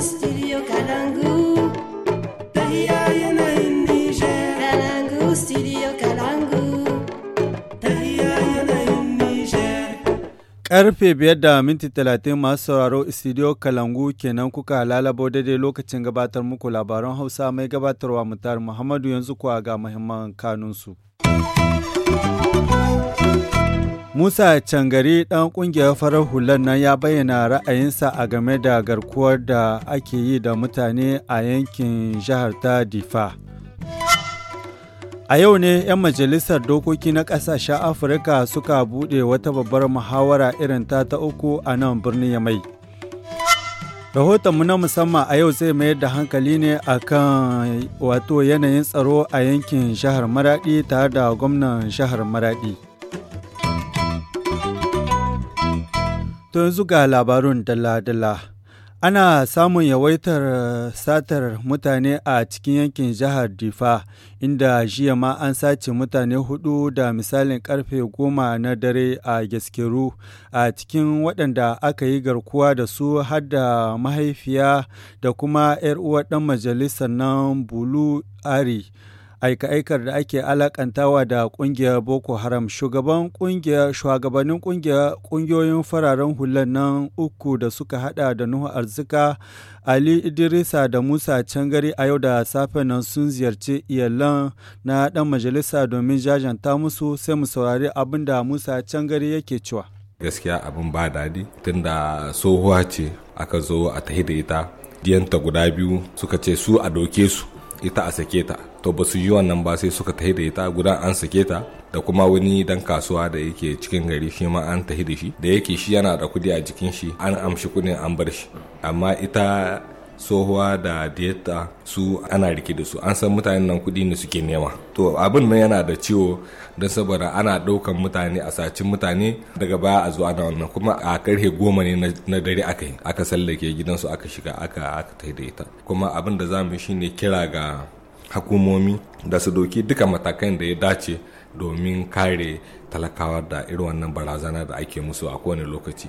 studio Karfe biyar da minti talatin masu sauraro studio Kalangu kenan kuka lalabo daidai lokacin gabatar muku labaran Hausa mai gabatarwa mutar Muhammadu yanzu kuwa ga muhimman kanunsu. Musa Cangari ɗan ƙungiyar farar hular nan ya bayyana ra'ayinsa a game da garkuwar da ake yi da mutane a yankin jihar ta Difa. A yau ne 'yan majalisar dokoki na ƙasashen Afirka suka buɗe wata babbar muhawara irin ta ta uku a nan birnin Yamai. Rahotonmu na musamman a yau zai mayar da hankali ne a kan wato yanayin tsaro a yankin jihar Maraɗi tare da gwamnan jihar Maraɗi. To yanzu ga labarun dala-dala. Ana samun yawaitar eh, satar mutane a cikin yankin jihar Difa, inda jiya ma an sace mutane hudu da misalin karfe goma na dare a gaskeru a cikin waɗanda aka yi garkuwa da su har mahaifiya da kuma 'yar uwar ɗan majalisar nan Bulu Ari. aika-aikar da ake alakantawa da kungiyar Boko Haram. Shugaban kungiyar shugabannin kungiyar kungiyoyin fararen hular nan uku da suka hada da Nuhu Arzika, Ali Idrisa da Musa Cangari a yau da safe nan sun ziyarci iyalan na dan majalisa domin jajanta musu sai mu saurari abin da Musa Cangari yake cewa. Gaskiya abin ba daɗi tunda tsohuwa ce aka zo a tahi da ita diyanta guda biyu suka ce su a doke su ita a sake ta to ba su yi wannan ba sai suka tahi da ita guda an sake ta da kuma wani dan kasuwa da yake cikin gari shi ma an tahi da shi da yake shi yana da kudi a jikin shi an amshi kudin an bar shi amma ita tsohuwa da dieta su ana rike da su an san mutanen nan kudi ne suke nema to abin nan yana da ciwo don saboda ana ɗaukar mutane a sacin mutane daga baya a zuwa na wannan kuma a karhe goma ne na dare aka yi aka sallake gidansu aka shiga aka da ita kuma abin da za mu shine kira ga hukumomi da su doki duka matakan da ya dace domin kare talakawa da irin wannan barazana da ake musu a kowane lokaci.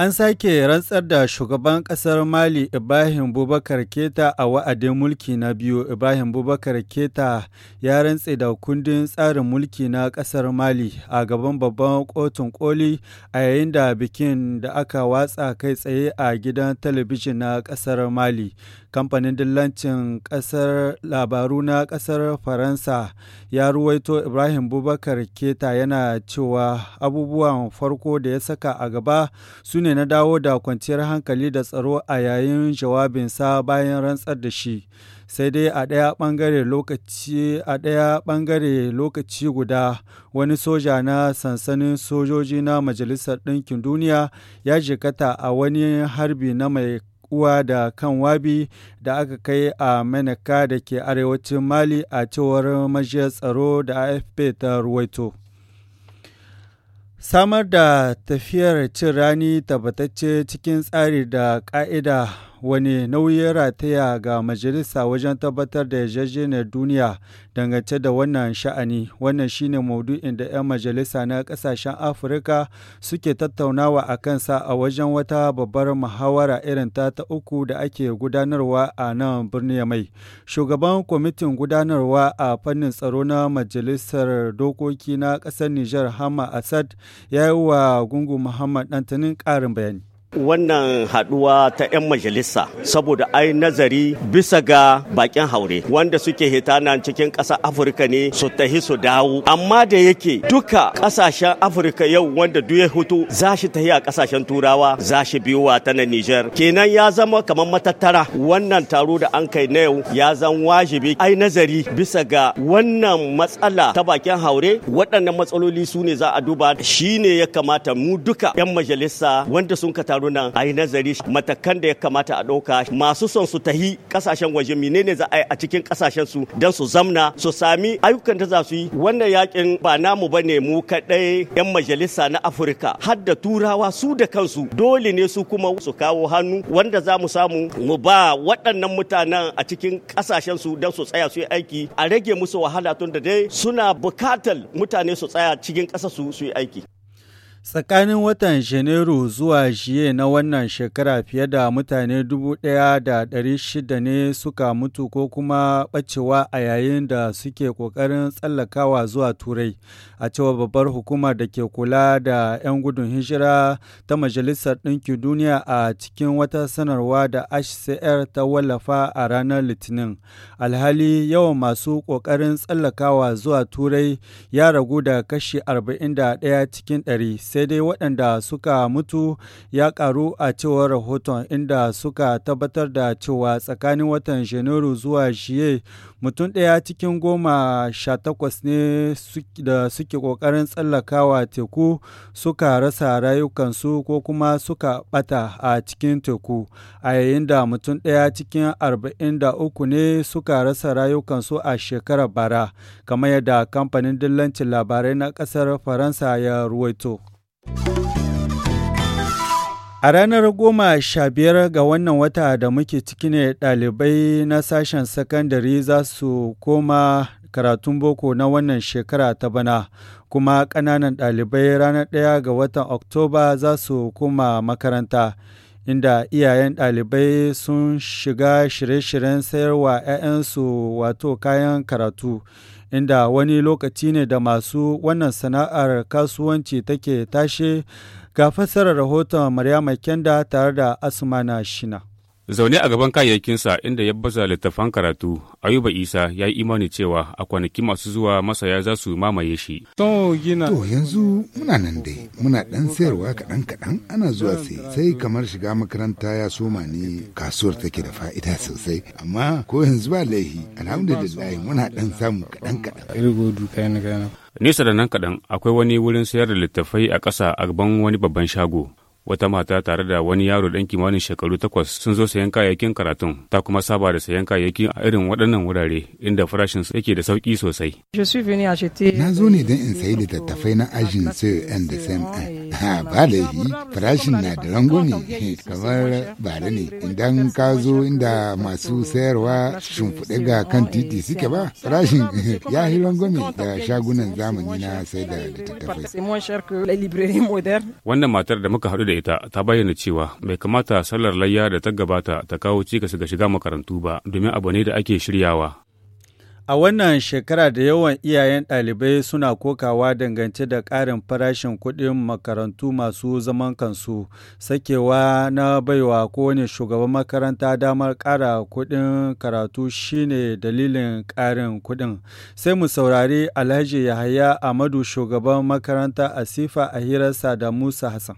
An sake rantsar da shugaban ƙasar Mali Ibrahim Bubakar Keta a wa'adin mulki na biyu. Ibrahim Bubakar Keta ya rantse da kundin tsarin mulki na ƙasar Mali a gaban babban kotun koli a yayin da bikin da aka watsa kai tsaye a gidan talabijin na ƙasar Mali. Kamfanin dillancin ƙasar labaru na ƙasar Faransa ya ruwaito Ibrahim Bubakar Keta yana cewa abubuwan farko da ya saka a gaba su ne ne na dawo da kwanciyar hankali da tsaro a yayin jawabinsa bayan rantsar da shi. Sai dai a ɗaya ɓangare lokaci a ɗaya ɓangare lokaci guda wani soja na sansanin sojoji na Majalisar Ɗinkin Duniya ya jikata a wani harbi na mai uwa da kan wabi da aka kai a manaka da ke arewacin mali a cewar majiyar tsaro da afp ta ruwaito Samar da tafiyar cin rani tabbatacce cikin tsari da ƙa'ida wani nauyin rataya ga majalisa wajen tabbatar da yarjejeniyar duniya dangance da wannan sha'ani wannan shine maudu'in da 'yan majalisa na kasashen afirka suke tattaunawa a kansa a wajen wata babbar muhawara irin ta ta uku da ake gudanarwa a nan birnin mai shugaban kwamitin gudanarwa a fannin tsaro na majalisar dokoki na ƙasar nijar hama asad ya yi wa gungu muhammad ɗantanin ƙarin bayani Wannan haduwa ta 'yan majalisa saboda ai nazari bisa ga bakin haure wanda suke hita nan cikin ƙasa Afirka ne su tahi su dawo. Amma da yake duka ƙasashen Afirka yau wanda duk ya hutu za shi tahi a ƙasashen Turawa za shi biyowa ta na Nijar. Kenan ya zama kamar matattara wannan taro da an kai na yau ya zan wajibi ai nazari bisa ga wannan matsala ta bakin haure waɗannan matsaloli su ne za a duba shi ne ya kamata mu duka 'yan majalisa wanda sun ka nan a yi nazari matakan da ya kamata a ɗauka masu son su tahi ƙasashen waje menene za a yi a cikin kasashen su don su zamna su sami ayyukan da za su yi wannan yakin ba namu ba ne mu kaɗai 'yan majalisa na afirka har da turawa su da kansu dole ne su kuma su kawo hannu wanda za mu samu mu ba waɗannan mutanen a cikin kasashen su don su tsaya su yi aiki a rage musu wahala tun da dai suna bukatar mutane su tsaya cikin ƙasa su su yi aiki. Tsakanin watan Janairu zuwa jiye na wannan shekara fiye da mutane 1,600 ne suka mutu ko kuma ɓacewa a yayin da suke ƙoƙarin tsallakawa zuwa Turai, a cewa babbar hukumar da ke kula da 'yan gudun hijira ta Majalisar Ɗinkin Duniya a cikin wata sanarwa da HCR ta wallafa a ranar Litinin. Alhali yawan masu ƙoƙarin tsallakawa zuwa Turai ya ragu da kashi 41 cikin 100. sai dai waɗanda suka mutu ya ƙaru a cewar rahoton inda suka tabbatar da cewa tsakanin watan janairu zuwa shiye mutum ɗaya cikin goma sha takwas ne da suke ƙoƙarin tsallakawa teku suka rasa rayukansu ko kuma suka ɓata a cikin teku a yayin da mutum ɗaya cikin arba'in da uku ne suka rasa rayukansu a shekarar bara kamar yadda kamfanin dillancin labarai na ƙasar faransa ya ruwaito A ranar goma sha biyar ga wannan wata da muke ciki ne ɗalibai na sashen sakandare za su koma karatun boko na wannan shekara ta bana kuma ƙananan ɗalibai ranar ɗaya ga watan oktoba za su koma makaranta inda iyayen ɗalibai sun shiga shirye-shiryen sayarwa 'ya'yansu wato kayan karatu inda wani lokaci ne da masu wannan sana'ar kasuwanci take tashe ga fassarar rahoton Maryama Kenda tare da Asmana Shina. Zaune a gaban kayayyakinsa inda ya baza littattafan karatu, Ayuba Isa ya yi imani cewa a kwanaki masu zuwa masaya za su mamaye shi. To yanzu muna nan dai, muna dan sayarwa kaɗan-kaɗan ana zuwa sai sai kamar shiga makaranta ya soma ne kasuwar take da fa'ida sosai, amma ko yanzu ba laihi, alhamdulillah muna dan samu kaɗan-kaɗan. Nesa da nan kaɗan akwai wani wurin sayar da littafai a ƙasa a gaban wani babban shago. wata mata tare da wani yaro ɗan kimanin shekaru takwas sun zo sayan kayayyakin karatun ta kuma saba da sayan kayayyaki a irin waɗannan wurare inda farashin yake da sauƙi sosai. Na zo ne don in euh, sayi littattafai na ajin CON e da CMN. E ha ba yi farashin na da rango ne kamar bare ne idan ka zo inda masu sayarwa shimfiɗe ga kan titi suke ba farashin ya yi rango ne da shagunan e zamani na sai da littattafai. Wannan matar da muka haɗu da ita ta bayyana cewa bai kamata sallar layya da ta gabata ta kawo cikas ga shiga makarantu ba domin abu ne da ake shiryawa. A wannan shekara da yawan iyayen ɗalibai suna kokawa dangance da ƙarin farashin kuɗin makarantu masu zaman kansu, sakewa na baiwa kowane shugaban makaranta damar ƙara kuɗin karatu shine dalilin ƙarin kuɗin. Sai mu saurari Alhaji Yahaya Amadu shugaban makaranta Asifa a hirarsa da Musa Hassan.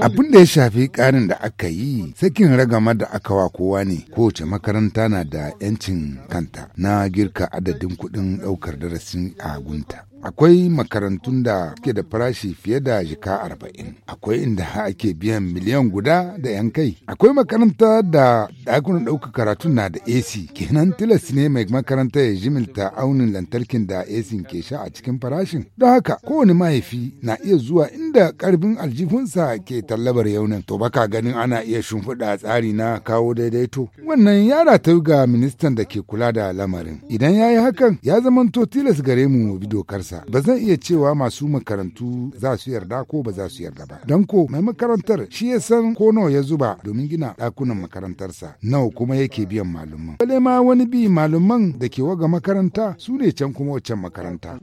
Abin da ya shafi ƙarin da aka yi, sakin ragama da aka wa kowa ne, kowace makaranta na da 'yancin kanta na girka adadin kuɗin ɗaukar darasin a gunta. Akwai makarantun da ke da farashi fiye da jika arba'in. Akwai inda ake biyan miliyan guda da yan kai. Akwai makaranta da ɗakunan ɗaukar karatun na da AC. Kenan tilas ne mai makaranta ya jimilta aunin lantarkin da AC ke sha a cikin farashin. Don haka kowane mahaifi na iya zuwa inda ƙarfin aljihunsa ke tallabar yaunin. To baka ganin ana iya shimfiɗa tsari na kawo daidaito. Wannan ya ratau ga ministan da ke kula da lamarin. Idan ya yi hakan ya zamanto tilas gare mu bi dokar kansa ba zan iya cewa masu makarantu za su yarda ko ba za su yarda ba don ko mai makarantar shi ya san ko nawa ya zuba domin gina ɗakunan makarantarsa nawa kuma yake biyan malaman bale ma wani bi malaman da ke waga makaranta su ne can kuma wancan makaranta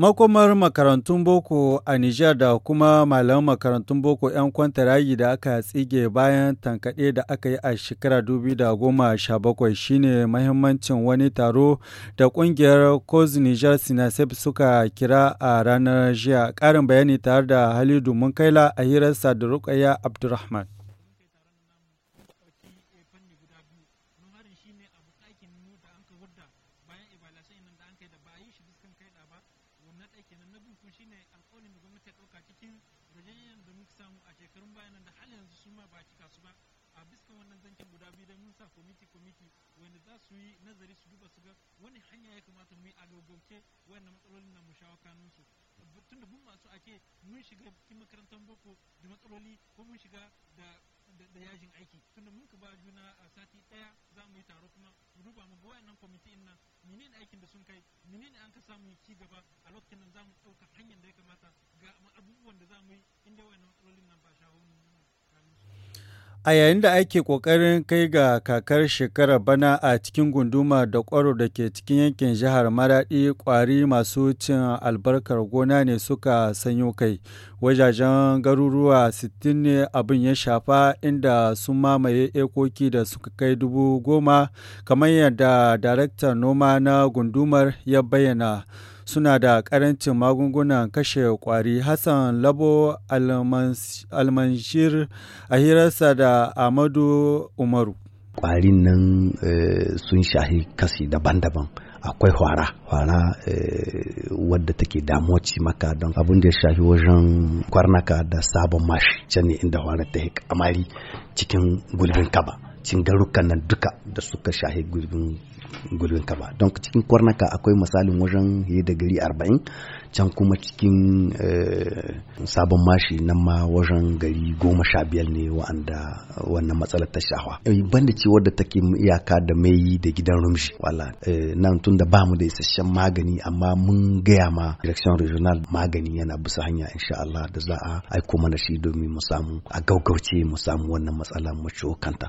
Makomar makarantun boko a Nijar da kuma malaman makarantun boko 'yan kwantarayi da aka tsige bayan tankaɗe da aka yi a shekara 2017 shine mahimmancin wani taro da ƙungiyar Coz Nijar Sinasef suka kira a ranar jiya. Ƙarin bayani tare da Halidu Munkaila a hirarsa da Rukaya Abdulrahman. Wannan ɗaya na biyu kuma shine alƙawarin da gwamnati ta ɗauka cikin rajayyar da muka samu a shekarun bayan da hal yanzu su ma ba cika su ba a bisa wannan zancen guda biyu da mun sa kwamiti kwamiti wanda za su yi nazari su duba su ga wani hanya ya kamata mu yi a gaggauke wannan matsalolin na mu shawo kanunsu tunda mun masu ake mun shiga cikin makarantar boko da matsaloli ko mun shiga da da yajin aiki tunda mun ka ba juna a sati daya za mu yi taro kuma mu duba mu ga nan kwamiti din menene aikin da sun kai menene an ka samu ci gaba a lokacin nan za mu ɗauka hanyar da ya kamata ga abubuwan da za mu yi inda wayannan matsalolin nan ba shawo A yayin da ake ƙoƙarin kai ga kakar shekarar bana a cikin gunduma da kwaro da ke cikin yankin jihar Maraɗi ƙwari masu cin albarkar gona ne suka sanyo kai. Wajajen garuruwa 60 ne abin ya shafa inda sun mamaye ekoki da suka kai dubu goma kamar yadda daraktan noma na gundumar ya bayyana. suna da karancin magungunan kashe kwari Hassan Labo Almanshir a hirarsa da Amadu Umaru. Ƙwarin nan eh, sun shahi kasi daban-daban. akwai hwara hwara eh, wadda take damuwa maka don abin da ya shafi wajen kwarnaka da sabon mashi can ne inda hwara ta kamari cikin gulbin kaba cingarukan nan duka da suka shahe gurbin gurbin ba don cikin kwarnaka akwai misalin wajen yi da gari 40 can kuma cikin eh, sabon mashi nan ma wajen gari goma sha biyar ne wa'anda wannan matsalar ta shahwa eh, banda ce da take iyaka da mai da gidan rumshi wala eh, nan tun da bamu da isasshen magani amma mun gaya ma direction regional magani yana bisa hanya insha Allah da za a aiko mana shi domin mu samu a gaugauce mu samu wannan matsala mu ciwo kanta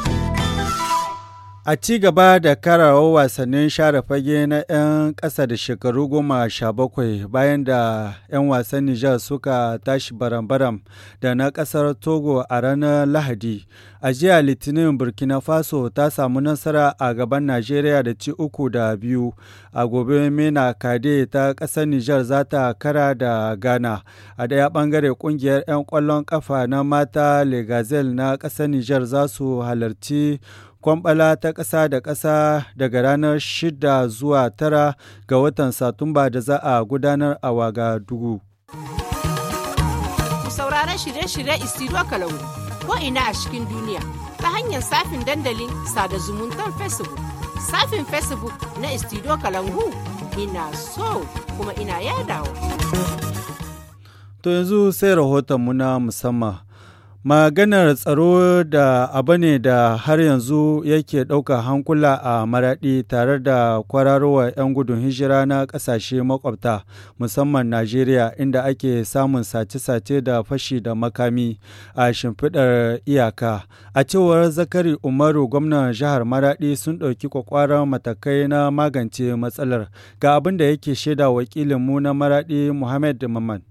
A ci gaba da karawa wasannin share fage na 'yan ƙasa da shekaru goma sha bakwai bayan da 'yan wasan Nijar suka tashi baram-baram da na ƙasar Togo a ranar Lahadi. A jiya Litinin Burkina Faso ta samu nasara a gaban Najeriya da ci uku da biyu. A gobe Mena Kade ta ƙasar Nijar za ta kara da Ghana. A daya bangare ƙungiyar 'yan ƙwallon ƙafa na mata Legazel na ƙasar Nijar za su halarci kwamɓala ta ƙasa da ƙasa daga ranar 6 zuwa 9 ga watan Satumba da za a gudanar a waga dubu Sauraron shirye-shirye Isiro Kalau ko ina a cikin duniya ta hanyar safin dandalin sada zumuntar Facebook. Safin Facebook na Isiro Kalangu ina so kuma ina yadawa. To yanzu sai rahoton mu na musamman. Maganar tsaro da abu ne da har yanzu yake ɗauka hankula a maraɗi tare da kwararowar 'yan gudun hijira na ƙasashe makwabta musamman Najeriya inda ake samun sace-sace da fashi da makami a shimfiɗar iyaka. A cewar Zakari Umaru gwamnan jihar maraɗi sun ɗauki kwakwara matakai na magance matsalar ga abin da yake shaida wakilinmu na maraɗi Muhammad Maman.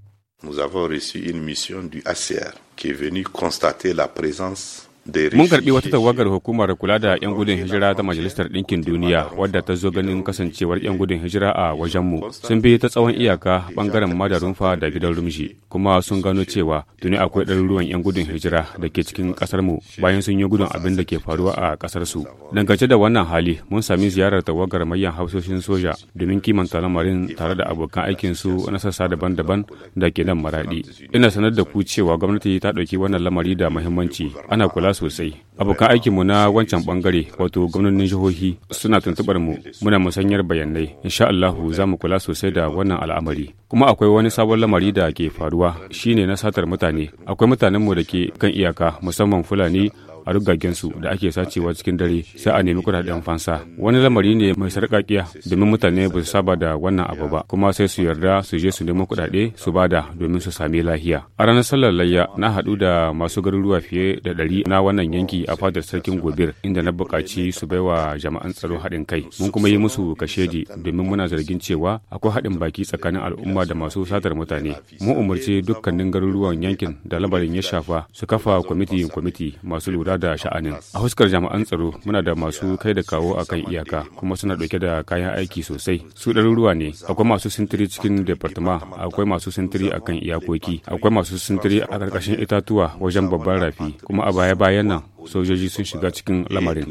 qui est venu constater la présence Mun karbi wata tawagar hukumar kula da 'yan gudun hijira ta Majalisar Ɗinkin Duniya wadda ta zo ganin kasancewar 'yan gudun hijira a wajenmu. Sun bi ta tsawon iyaka bangaren Madarunfa da gidan Rumshi kuma sun gano cewa tuni akwai ɗaruruwan 'yan gudun hijira da ke cikin mu bayan sun yi gudun abin da ke faruwa a ƙasarsu. Dangance da wannan hali mun sami ziyarar tawagar mayan hausoshin soja domin kimanta lamarin tare da abokan aikinsu na sassa daban-daban da ke nan maraɗi. Ina sanar da ku cewa gwamnati ta ɗauki wannan lamari da muhimmanci. Ana kula kula sosai. Abokan aikinmu na wancan bangare wato gwamnonin jihohi suna tuntubar mu muna musanyar bayanai. Insha Allah za mu kula sosai da wannan al'amari. Kuma akwai wani sabon lamari da ke faruwa shine na satar mutane. Akwai mutanenmu da ke kan iyaka musamman Fulani a su da ake sacewa cikin dare sai a nemi kudaden fansa wani lamari ne mai sarƙaƙiya domin mutane ba su saba da wannan abu ba kuma sai su yarda su je su nemo kudade su bada domin su sami lahiya a ranar sallar layya na haɗu da masu garuruwa fiye da ɗari na wannan yanki a fadar sarkin gobir inda na buƙaci su bai wa jama'an tsaro haɗin kai mun kuma yi musu kashedi domin muna zargin cewa akwai haɗin baki tsakanin al'umma da masu satar mutane mun umarci dukkanin garuruwan yankin da lamarin ya shafa su kafa kwamiti kwamiti masu lura da sha'anin a huskar jami'an tsaro muna da masu kai da kawo a kan iyaka kuma suna ɗauke da kayan aiki sosai su ɗaruruwa ne akwai masu sintiri cikin departama akwai masu sintiri a kan iyakoki akwai masu sintiri a ƙarƙashin itatuwa wajen babban rafi kuma a baya-bayan nan sojoji sun shiga cikin lamarin.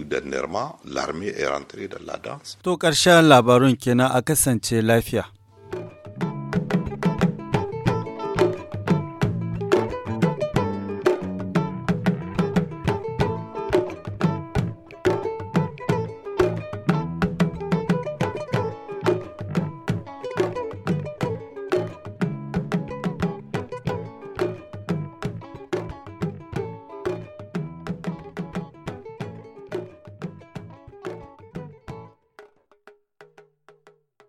To ƙarshen labarun kenan a kasance lafiya.